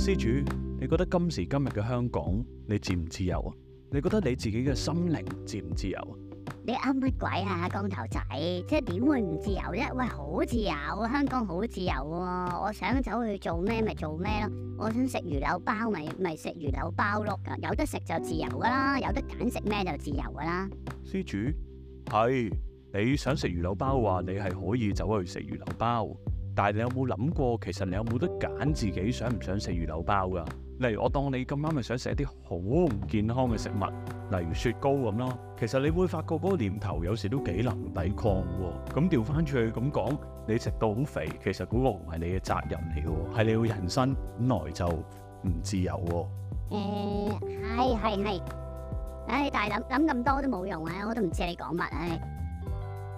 施主，你覺得今時今日嘅香港，你自唔自由啊？你覺得你自己嘅心靈自唔自由啊？你噏乜鬼啊，光頭仔！即係點會唔自由啫？喂，好自由啊，香港好自由喎！我想走去做咩咪做咩咯，我想食魚柳包咪咪食魚柳包咯，有得食就自由噶啦，有得揀食咩就自由噶啦。施主係你想食魚柳包嘅話，你係可以走去食魚柳包。但係你有冇諗過，其實你有冇得揀自己想唔想食魚柳包噶？例如我當你咁啱咪想食啲好唔健康嘅食物，例如雪糕咁咯。其實你會發覺嗰個念頭有時都幾難抵抗嘅。咁調翻轉去咁講，你食到好肥，其實嗰個唔係你嘅責任嚟嘅，係你嘅人生本來就唔自由。誒，係係係，唉，但係諗諗咁多都冇用啊，我都唔知你講乜唉。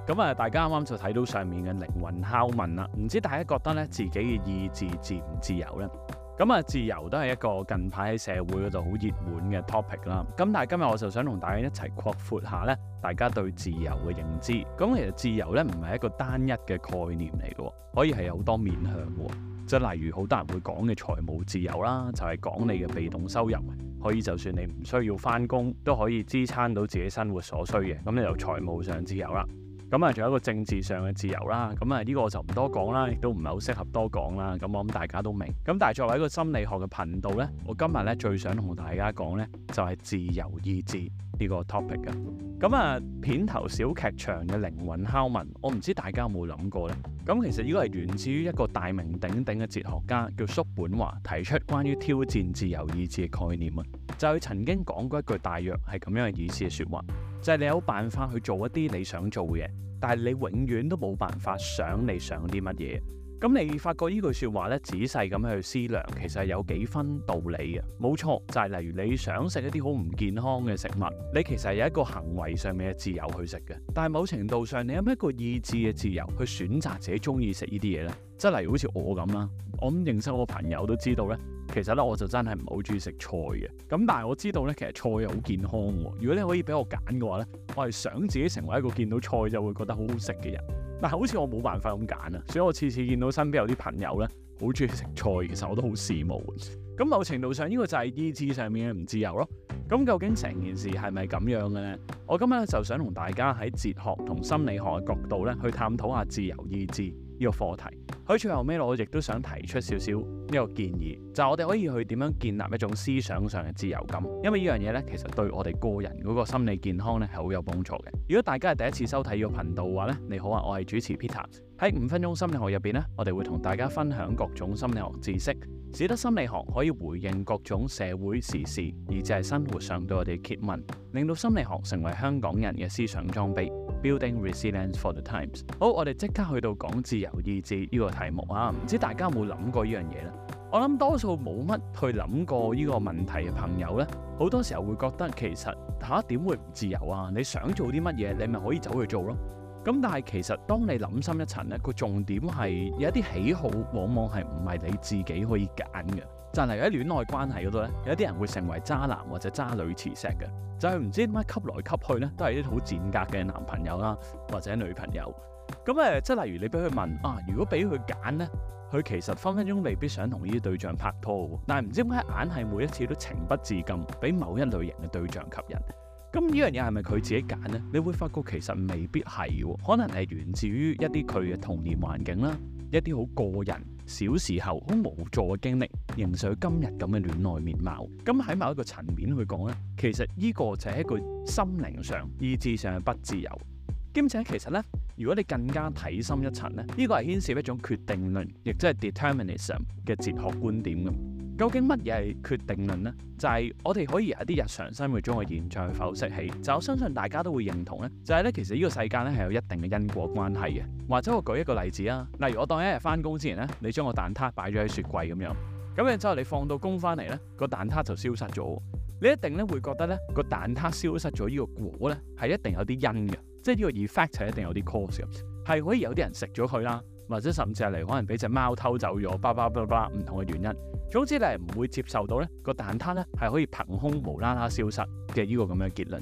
咁啊，大家啱啱就睇到上面嘅靈魂拷問啦，唔知大家覺得咧自己嘅意志自唔自由呢？咁啊，自由都係一個近排喺社會度好熱門嘅 topic 啦。咁但係今日我就想同大家一齊擴闊下咧，大家對自由嘅認知。咁其實自由咧唔係一個單一嘅概念嚟嘅，可以係有好多面向嘅。即係例如好多人會講嘅財務自由啦，就係講你嘅被動收入可以就算你唔需要翻工，都可以支撐到自己生活所需嘅，咁你就財務上自由啦。咁啊，仲有一個政治上嘅自由啦，咁啊呢個我就唔多講啦，亦都唔係好適合多講啦。咁我諗大家都明。咁但係作為一個心理學嘅頻道咧，我今日咧最想同大家講咧就係自由意志呢個 topic 啊。咁啊片頭小劇場嘅靈魂拷問，我唔知大家有冇諗過咧。咁其實呢個係源自於一個大名鼎鼎嘅哲學家叫叔本華提出關於挑戰自由意志嘅概念啊。就係佢曾經講過一句大約係咁樣嘅意思嘅說話。就係你有辦法去做一啲你想做嘅，但係你永遠都冇辦法想你想啲乜嘢。咁你發覺呢句說話咧，仔細咁去思量，其實係有幾分道理嘅。冇錯，就係例如你想食一啲好唔健康嘅食物，你其實有一個行為上面嘅自由去食嘅。但係某程度上，你有一個意志嘅自由去選擇自己中意食呢啲嘢呢，即係例如好似我咁啦，我咁認識我朋友都知道呢。其實咧，我就真係唔好中意食菜嘅。咁但係我知道咧，其實菜又好健康喎。如果你可以俾我揀嘅話咧，我係想自己成為一個見到菜就會覺得好好食嘅人。但係，好似我冇辦法咁揀啊，所以我次次見到身邊有啲朋友咧，好中意食菜，其實我都好羨慕。咁某程度上，呢個就係意志上面嘅唔自由咯。咁究竟成件事係咪咁樣嘅咧？我今日咧就想同大家喺哲學同心理學嘅角度咧，去探討下自由意志。呢個課題，喺最後尾，我亦都想提出少少呢個建議，就係、是、我哋可以去點樣建立一種思想上嘅自由感，因為呢樣嘢呢，其實對我哋個人嗰個心理健康呢係好有幫助嘅。如果大家係第一次收睇呢個頻道嘅話呢，你好啊，我係主持 Peter 喺五分鐘心理學入邊呢，我哋會同大家分享各種心理學知識。使得心理學可以回應各種社會時事，而就係生活上對我哋嘅揭問，令到心理學成為香港人嘅思想裝備。Building Resilience for the times。好，我哋即刻去到講自由意志呢個題目啊！唔知大家有冇諗過呢樣嘢呢？我諗多數冇乜去諗過呢個問題嘅朋友呢，好多時候會覺得其實吓點、啊、會唔自由啊？你想做啲乜嘢，你咪可以走去做咯。咁但係其實當你諗深一層咧，個重點係有一啲喜好往往係唔係你自己可以揀嘅，就係喺戀愛關係嗰度咧，有啲人會成為渣男或者渣女磁石嘅，就係唔知點解吸來吸去咧，都係啲好賤格嘅男朋友啦，或者女朋友。咁誒，即係例如你俾佢問啊，如果俾佢揀咧，佢其實分分鐘未必想同呢啲對象拍拖，但係唔知點解硬係每一次都情不自禁俾某一類型嘅對象吸引。咁呢樣嘢係咪佢自己揀呢？你會發覺其實未必係，可能係源自於一啲佢嘅童年環境啦，一啲好個人、小時候好無助嘅經歷，形成今日咁嘅戀愛面貌。咁喺某一個層面去講呢，其實呢個就係一個心靈上、意志上嘅不自由。兼且其實呢，如果你更加睇深一層呢，呢個係牽涉一種決定論，亦即係 determinism 嘅哲學觀點咁。究竟乜嘢係決定論呢？就係、是、我哋可以喺啲日常生活中嘅現象去剖析起。就我相信大家都會認同呢，就係、是、呢。其實呢個世界呢，係有一定嘅因果關係嘅。或者我舉一個例子啊，例如我當一日翻工之前呢，你將個蛋撻擺咗喺雪櫃咁樣，咁然之後你放到工翻嚟呢，個蛋撻就消失咗。你一定呢會覺得呢個蛋撻消失咗呢個果呢，係一定有啲因嘅，即係呢個 effect 係一定有啲 cause 嘅，係可以有啲人食咗佢啦。或者甚至係嚟可能俾隻貓偷走咗，叭叭叭叭，唔同嘅原因，總之你係唔會接受到咧個蛋撻咧係可以憑空無啦啦消失嘅呢個咁樣結論。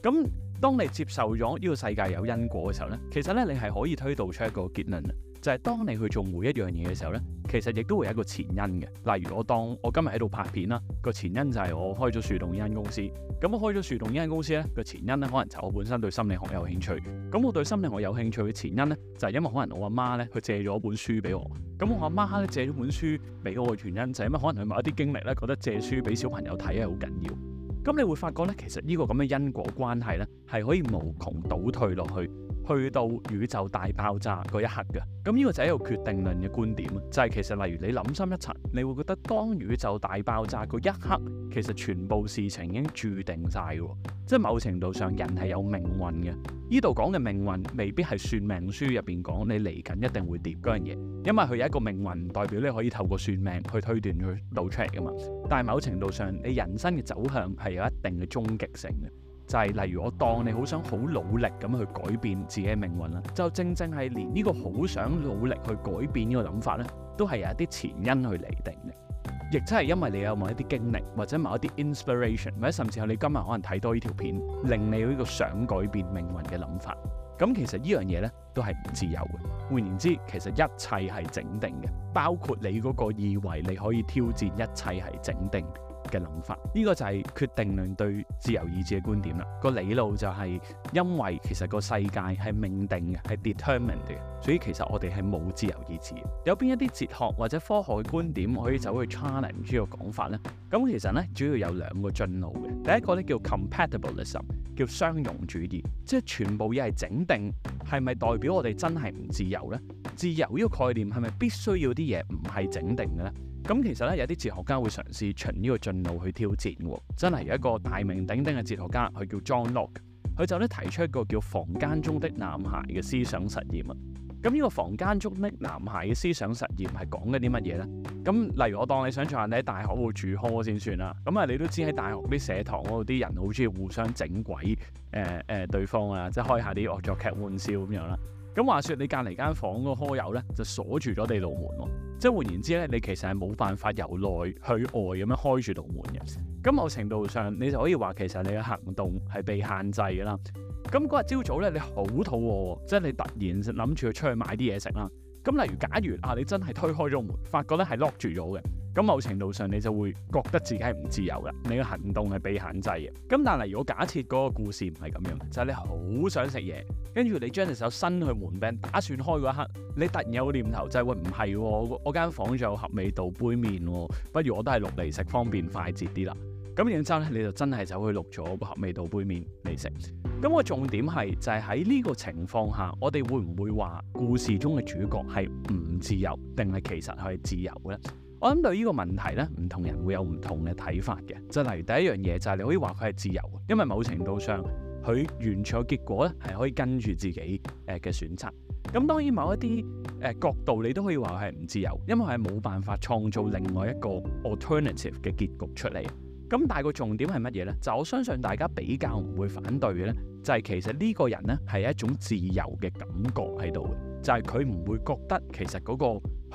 咁當你接受咗呢個世界有因果嘅時候咧，其實咧你係可以推導出一個結論啊。就係當你去做每一樣嘢嘅時候呢，其實亦都會有一個前因嘅。例如我當我今日喺度拍片啦，個前因就係我開咗樹洞呢間公司。咁我開咗樹洞呢間公司呢，個前因呢可能就係我本身對心理學有興趣。咁我對心理學有興趣嘅前因呢，就係因為可能我阿媽呢，佢借咗本書俾我。咁我阿媽呢，借咗本書俾我嘅原因就係因為可能佢某一啲經歷呢，覺得借書俾小朋友睇係好緊要。咁你會發覺咧，其實呢個咁嘅因果關係咧，係可以無窮倒退落去，去到宇宙大爆炸嗰一刻嘅。咁呢個就係一個決定論嘅觀點啊，就係其實例如你諗深一層，你會覺得當宇宙大爆炸嗰一刻，其實全部事情已經注定晒嘅，即係某程度上人係有命運嘅。呢度講嘅命運未必係算命書入邊講你嚟緊一定會跌嗰樣嘢，因為佢有一個命運唔代表你可以透過算命去推斷佢倒出嚟㗎嘛。但係某程度上，你人生嘅走向係有一定嘅終極性嘅，就係、是、例如我當你好想好努力咁去改變自己嘅命運啦，就正正係連呢個好想努力去改變呢個諗法呢，都係有一啲前因去嚟定嘅。亦即係因為你有某一啲經歷，或者某一啲 inspiration，或者甚至係你今日可能睇多呢條片，令你有呢個想改變命運嘅諗法。咁其實呢樣嘢呢，都係唔自由嘅。換言之，其實一切係整定嘅，包括你嗰個以為你可以挑戰一切係整定嘅諗法，呢、這個就係決定論對自由意志嘅觀點啦。個理路就係因為其實個世界係命定嘅，係 determined 嘅，所以其實我哋係冇自由意志。有邊一啲哲學或者科學嘅觀點可以走去 challenge 呢個講法呢？咁、嗯、其實呢，主要有兩個進路嘅。第一個呢，叫 compatibilism，叫相容主義，即係全部嘢係整定，係咪代表我哋真係唔自由呢？自由呢個概念係咪必須要啲嘢唔係整定嘅呢？咁其實咧有啲哲學家會嘗試循呢個進路去挑戰喎，真係有一個大名鼎鼎嘅哲學家，佢叫 John Locke，佢就咧提出一個叫房間中的男孩嘅思想實驗啊。咁呢個房間中的男孩嘅思想實驗係講緊啲乜嘢呢？咁例如我當你想象下你喺大學會住科先算啦，咁啊你都知喺大學啲社堂嗰度啲人好中意互相整鬼，誒、呃、誒、呃、對方啊，即係開一下啲惡作劇玩笑咁樣啦。咁話説，你隔離間房嗰個殼友咧，就鎖住咗你道門喎，即係換言之咧，你其實係冇辦法由內去外咁樣開住道門嘅。咁某程度上，你就可以話其實你嘅行動係被限制嘅啦。咁嗰日朝早咧，你好肚餓喎，即係你突然諗住出去買啲嘢食啦。咁例如，假如啊，你真係推開咗門，發覺咧係 lock 住咗嘅，咁某程度上你就會覺得自己係唔自由嘅，你嘅行動係被限制嘅。咁但係如果假設嗰個故事唔係咁樣，就係、是、你好想食嘢，跟住你將隻手伸去門柄打算開嗰一刻，你突然有個念頭就係、是：，喂，唔係、哦，我我間房仲有合味道杯麵喎、哦，不如我都係落嚟食方便快捷啲啦。咁然之後咧，你就真係走去落咗個合味道杯麵嚟食。咁個重點係就係喺呢個情況下，我哋會唔會話故事中嘅主角係唔自由，定係其實係自由呢？我諗對呢個問題呢，唔同人會有唔同嘅睇法嘅。就係例如第一樣嘢就係、是、你可以話佢係自由，因為某程度上佢完成個結果呢係可以跟住自己誒嘅選擇。咁當然某一啲誒、呃、角度你都可以話佢係唔自由，因為係冇辦法創造另外一個 alternative 嘅結局出嚟。咁但係個重點係乜嘢呢？就我相信大家比較唔會反對嘅呢，就係其實呢個人呢係一種自由嘅感覺喺度嘅，就係佢唔會覺得其實嗰個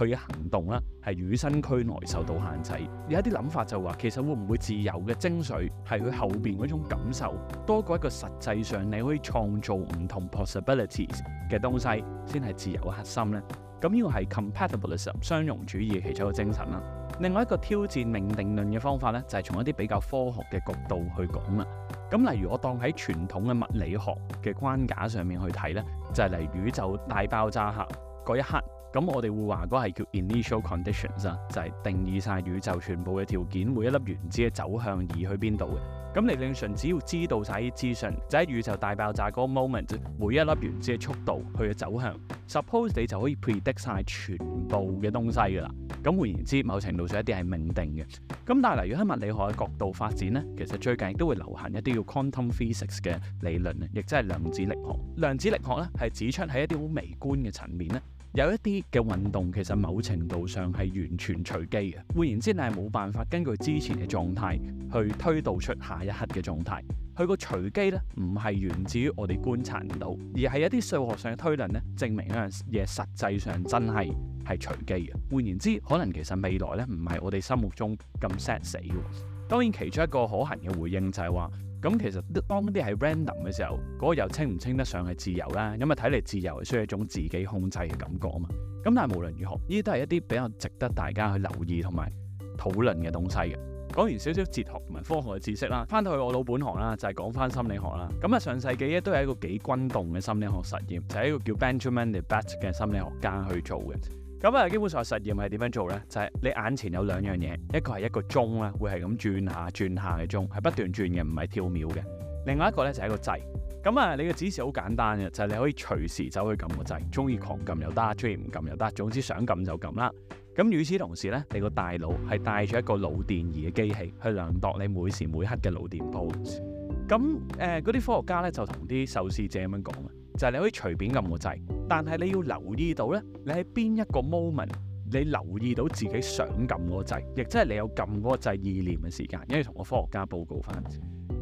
佢嘅行動啦係與生俱來受到限制。有一啲諗法就話，其實會唔會自由嘅精髓係佢後邊嗰種感受多過一個實際上你可以創造唔同 possibilities 嘅東西先係自由嘅核心呢。咁要係 compatibilism 相容主義其中一個精神啦。另外一個挑戰命定論嘅方法咧，就係、是、從一啲比較科學嘅角度去講啦。咁例如我當喺傳統嘅物理學嘅框架上面去睇咧，就係、是、嚟宇宙大爆炸下嗰一刻。咁我哋會話嗰係叫 initial conditions 啊，就係定義晒宇宙全部嘅條件，每一粒原子嘅走向而去邊度嘅。咁理論上只要知道晒啲資訊，就喺、是、宇宙大爆炸嗰個 moment，每一粒原子嘅速度，佢嘅走向，suppose 你就可以 predict 晒全部嘅東西噶啦。咁換言之，某程度上一啲係命定嘅。咁但係，如果喺物理學嘅角度發展呢，其實最近亦都會流行一啲叫 quantum physics 嘅理論，亦即係量子力學。量子力學咧係指出喺一啲好微觀嘅層面咧。有一啲嘅運動其實某程度上係完全隨機嘅。換言之，你係冇辦法根據之前嘅狀態去推導出下一刻嘅狀態。佢個隨機呢，唔係源自於我哋觀察唔到，而係一啲數學上嘅推論呢，證明嗰樣嘢實際上真係係隨機嘅。換言之，可能其實未來呢，唔係我哋心目中咁 set 死嘅。當然，其中一個可行嘅回應就係話，咁其實當啲係 random 嘅時候，嗰、那個又稱唔稱得上係自由啦？咁啊，睇嚟自由係需要一種自己控制嘅感覺啊嘛。咁但係無論如何，呢啲都係一啲比較值得大家去留意同埋討論嘅東西嘅。講完少少哲學同埋科學嘅知識啦，翻到去我老本行啦，就係講翻心理學啦。咁啊，上世紀咧都係一個幾轟動嘅心理學實驗，就係、是、一個叫 Benjamin Libet 嘅心理學家去做嘅。咁啊，基本上實驗係點樣做呢？就係、是、你眼前有兩樣嘢，一個係一個鐘啦，會係咁轉下轉下嘅鐘，係不斷轉嘅，唔係跳秒嘅。另外一個呢，就係個掣。咁啊，你嘅指示好簡單嘅，就係你可以隨時走去撳個掣，中意狂撳又得，中意唔撳又得，總之想撳就撳啦。咁與此同時呢，你個大腦係帶住一個腦電儀嘅機器去量度你每時每刻嘅腦電波。咁誒，嗰、呃、啲科學家呢，就同啲受試者咁樣講，就係你可以隨便撳個掣。但係你要留意到咧，你喺邊一個 moment 你留意到自己想撳嗰掣，亦即係你有撳嗰掣意念嘅時間，因為同個科學家報告翻。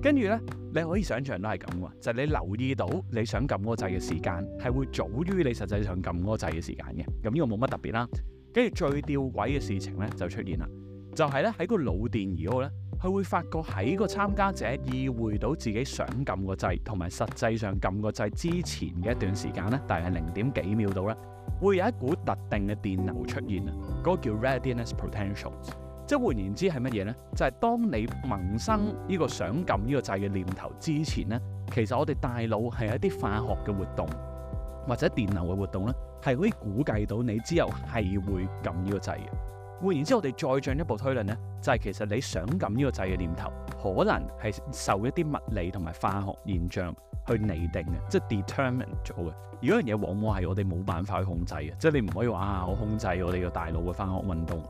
跟住咧，你可以想象都係咁啊，就係你留意到你想撳嗰掣嘅時間，係會早於你實際上撳嗰掣嘅時間嘅。咁呢個冇乜特別啦。跟住最吊詭嘅事情咧就出現啦，就係咧喺個腦電儀嗰度咧。佢會發覺喺個參加者意會到自己想撳個掣，同埋實際上撳個掣之前嘅一段時間呢，大概係零點幾秒度啦，會有一股特定嘅電流出現啊！嗰、那個叫 readiness potential，即係換言之係乜嘢呢？就係、是、當你萌生呢個想撳呢個掣嘅念頭之前呢，其實我哋大腦係有一啲化學嘅活動或者電流嘅活動呢，係可以估計到你之後係會撳呢個掣嘅。換言之，我哋再進一步推論呢。就係其實你想撳呢個掣嘅念頭，可能係受一啲物理同埋化學現象去擬定嘅，即係 determine 咗嘅。如果樣嘢往往係我哋冇辦法去控制嘅，即係你唔可以話啊，我控制我哋個大腦嘅化學運動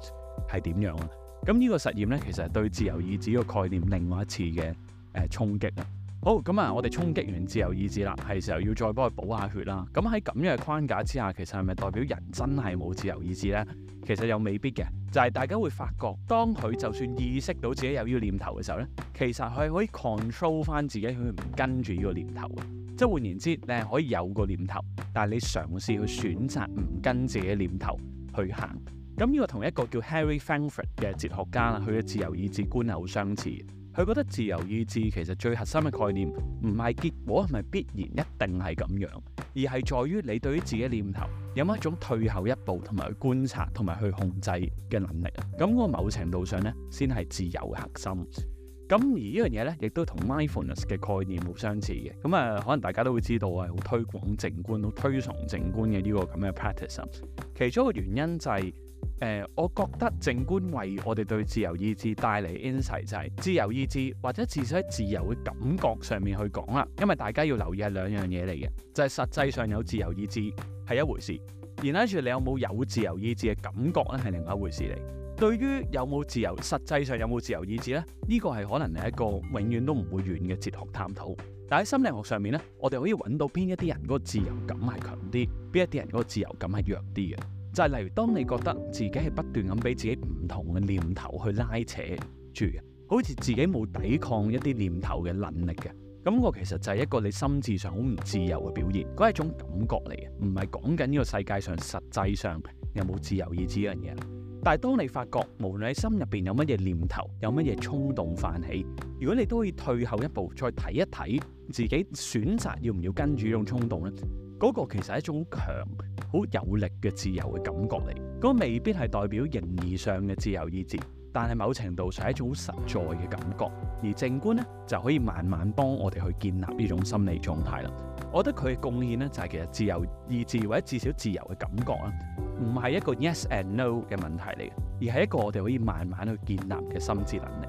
係點樣啊？咁呢個實驗咧，其實對自由意志個概念另外一次嘅誒衝擊啊！好，咁啊，我哋衝擊完自由意志啦，係時候要再幫佢補下血啦。咁喺咁樣嘅框架之下，其實係咪代表人真係冇自由意志咧？其實又未必嘅，就係大家會發覺，當佢就算意識到自己有呢個念頭嘅時候呢，其實佢可以 control 翻自己，佢唔跟住呢個念頭。即係換言之，你可以有個念頭，但係你嘗試去選擇唔跟自己念頭去行。咁呢個同一個叫 Harry Frankfurt 嘅哲學家，佢嘅自由意志觀係好相似。佢覺得自由意志其實最核心嘅概念，唔係結果係咪必然一定係咁樣，而係在於你對於自己念頭。有一種退後一步同埋去觀察同埋去控制嘅能力啊，咁、那、我、個、某程度上咧，先係自由核心。咁而呢樣嘢咧，亦都同 mindfulness 嘅概念好相似嘅。咁啊、呃，可能大家都會知道啊，好推廣靜觀，好推崇靜觀嘅呢個咁嘅 practice。其中一個原因就係、是、誒、呃，我覺得靜觀為我哋對自由意志帶嚟 insight，就係自由意志或者至少喺自由嘅感覺上面去講啦。因為大家要留意係兩樣嘢嚟嘅，就係、是、實際上有自由意志。係一回事，然拉住你有冇有自由意志嘅感覺咧，係另外一回事嚟。對於有冇自由，實際上有冇自由意志咧？呢、這個係可能係一個永遠都唔會完嘅哲學探討。但喺心理學上面咧，我哋可以揾到邊一啲人嗰個自由感係強啲，邊一啲人嗰個自由感係弱啲嘅。就係、是、例如，當你覺得自己係不斷咁俾自己唔同嘅念頭去拉扯住，嘅，好似自己冇抵抗一啲念頭嘅能力嘅。感覺其實就係一個你心智上好唔自由嘅表現，嗰係一種感覺嚟嘅，唔係講緊呢個世界上實際上有冇自由意志呢樣嘢。但係當你發覺無論喺心入邊有乜嘢念頭，有乜嘢衝動泛起，如果你都可以退後一步，再睇一睇自己選擇要唔要跟住呢種衝動呢。嗰個其實係一種強、好有力嘅自由嘅感覺嚟，嗰未必係代表形而上嘅自由意志。但係某程度上係一種好實在嘅感覺，而靜觀咧就可以慢慢幫我哋去建立呢種心理狀態啦。我覺得佢嘅貢獻咧就係、是、其實自由意志或者至少自由嘅感覺啦，唔係一個 yes and no 嘅問題嚟嘅，而係一個我哋可以慢慢去建立嘅心智能力。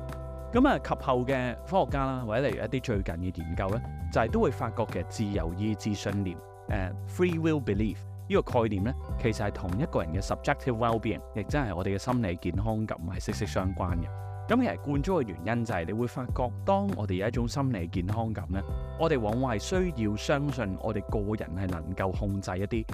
咁啊，及後嘅科學家啦，或者例如一啲最近嘅研究咧，就係、是、都會發覺嘅自由意志信念，誒、uh, free will belief。呢個概念咧，其實係同一個人嘅 subjective well-being，亦真係我哋嘅心理健康感係息息相關嘅。咁其實貫穿嘅原因就係、是、你會發覺，當我哋有一種心理健康感咧，我哋往往係需要相信我哋個人係能夠控制一啲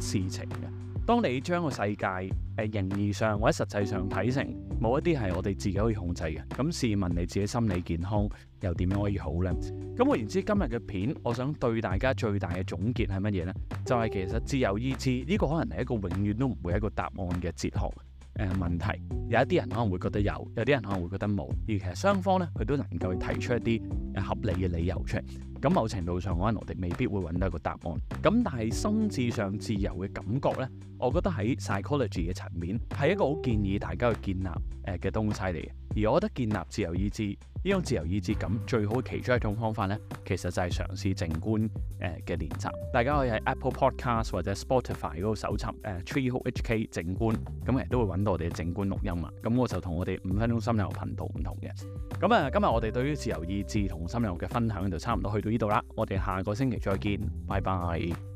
事情嘅。當你將個世界，誒、呃、形而上或者實際上睇成冇一啲係我哋自己可以控制嘅，咁試問你自己心理健康又點樣可以好呢？咁我言之今日嘅片，我想對大家最大嘅總結係乜嘢呢？就係、是、其實自由意志呢個可能係一個永遠都唔會一個答案嘅哲學。誒、呃、問題，有一啲人可能會覺得有，有啲人可能會覺得冇，而其實雙方咧佢都能夠提出一啲合理嘅理由出嚟。咁某程度上，可能我諗我哋未必會揾到一個答案。咁但係心智上自由嘅感覺咧，我覺得喺 psychology 嘅層面係一個好建議大家去建立誒嘅東西嚟嘅。而我覺得建立自由意志，呢種自由意志感最好其中一種方法呢，其實就係嘗試靜觀誒嘅練習。大家可以喺 Apple Podcast 或者 Spotify 嗰度搜尋誒、呃、Treehole HK 靜觀，咁、嗯、亦都會揾到我哋嘅靜觀錄音啊。咁、嗯、我就我同我哋五分鐘心理學頻道唔同嘅。咁、嗯、啊，今日我哋對於自由意志同心理學嘅分享就差唔多去到呢度啦。我哋下個星期再見，拜拜。